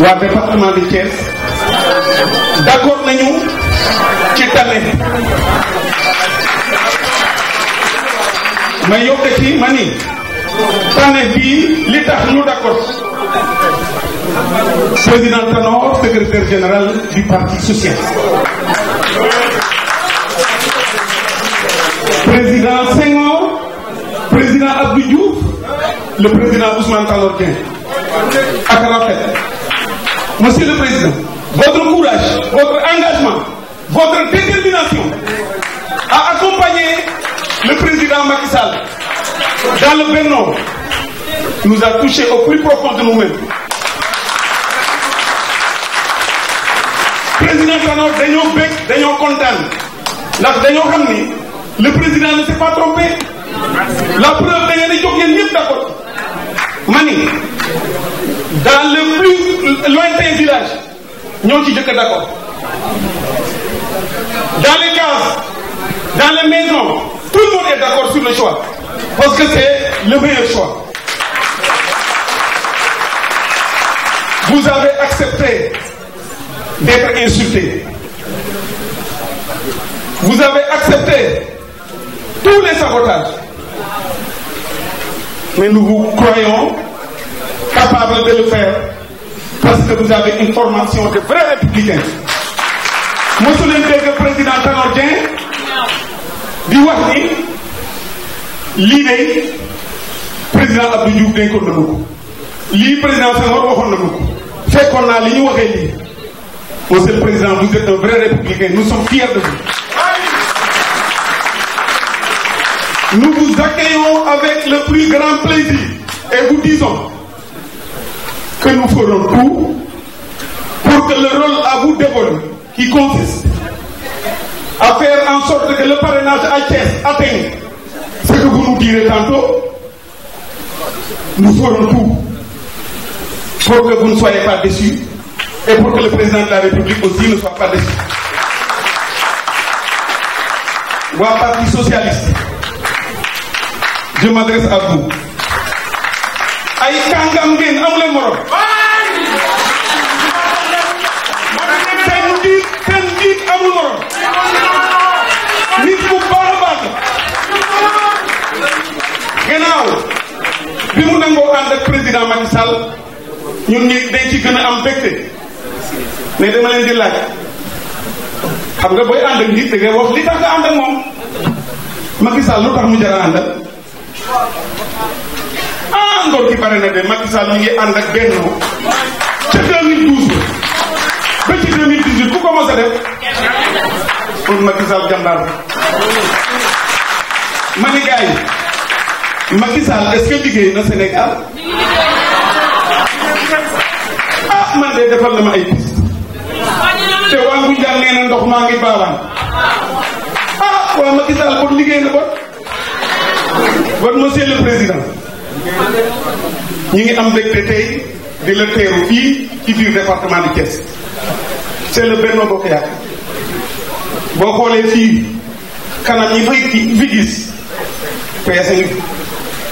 waa département de Thiès d'accord nañu ci tame Mais yokk ci ma ni tane bii li tax ñu d'accord président Tanor secrétaire général du parti Social. président Senghor président Abdou Diouf le président Ousmane Tanor Dieng ak rafet Monsieur le Président, votre courage, votre engagement, votre détermination à accompagner le président Macky Sall dans le Bénin nous a touchés au plus profond de nous-mêmes. président Tanor dañoo nous dañoo kontaan ndax nous le président ne s'est pas trompé la preuve da que nous sommes d'accord dans le plus lointain village nous ci d'accord dans les cases dans les maisons tout le monde est d'accord sur le choix parce que c'est le meilleur choix vous avez accepté d'être insulté vous avez accepté tous les sabotages mais nous vous croyons capable de le faire parce que vous avez une formation de vrais républicains. Monsieur le président canadien, Dieng di président Abdou Diouf dénkoon le président Senghor waxoon fait qu'on a l'union monsieur le président vous êtes un vrai républicain nous sommes fiers de vous. nous vous accueillons avec le plus grand plaisir et vous disons nous ferons tout pour que le rôle à vous dévolu, qui consiste à faire en sorte que le parrainage à atteigne ce que vous nous direz tantôt, nous ferons tout pour que vous ne soyez pas déçus et pour que le président de la République aussi ne soit pas déçu. Parti Socialiste, je m'adresse à vous. gannaaw bi mu nangoo ànd ak président Macky Sall ñun ñi dañ ci gën a am mbégte mais dama leen di laaj xam nga booy ànd ak nit da ngay wax li tax nga ànd ak moom Macky Sall lu tax mu jar a ànd ak ah ngor gi bare na de Macky Sall mi ngi ànd ak benn moom ca 2012 ba ci 2018 ku ko mos a def pour Macky Sall jàmbaar ma ni gars yi Macky Sall est-ce que na Sénégal ah man de defal na ma ay piste te waa Ngoundiane na ndox ngi ah waa Macky Sall kon liggéey na ba kon monsieur le président ñu ngi am mbégte tey di la teeru fii ci biir département de Thiès c'est le Benno Bokk Yaakaar boo xoolee fii kanam fay fi gis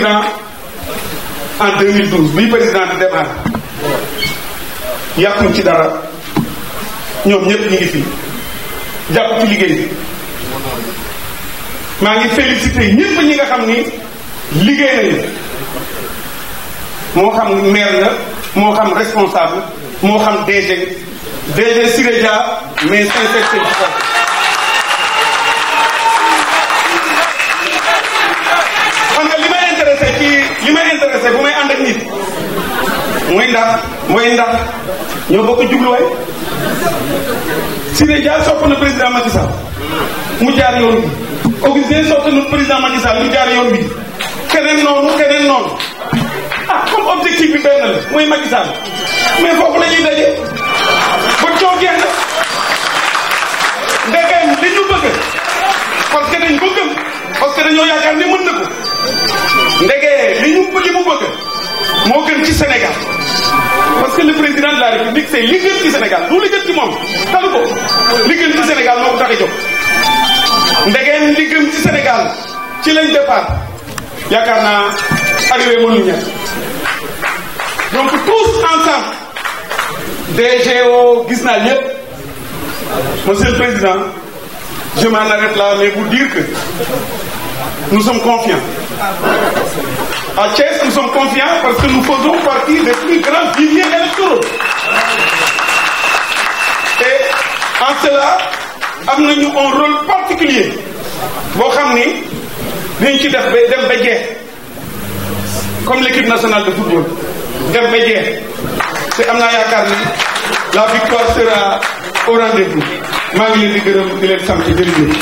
président en 2012 bi président di demaat yàqul ci dara ñoom ñëpp ñu ngi fi jàpp ci liggéey maa ngi félicité ñëpp ñi nga xam ni liggéey nañu moo xam maire la moo xam responsable moo xam DG DG Sirédia mais sincère mooy ndax ñoo bokk jubluwaay Siré Dia sopp na président Macky Sall mu jaar yoon bi Augustin sopp na président Macky mu jaar yoon bi keneen noonu keneen noonu ah comme objectif bi benn la mooy Macky mais foofu la daje la république c'est l'église du Sénégal Nous, l'église du monde. L'église du Sénégal, nous Sénégal nous avons tax a du Sénégal. Si ci Sénégal ci lañ a qu'à arriver donc tous ensemble DGO au monsieur le président je m'arrête là mais pour dire que nous sommes confiants à Thiès nous sommes confiants parce que nous faisons partie des plus grands viviers électoraux et en cela nous avons un rôle particulier Vous savez, nous dañ ci def comme l'équipe nationale de football dem ba c'est la victoire sera au rendez-vous maa ngi di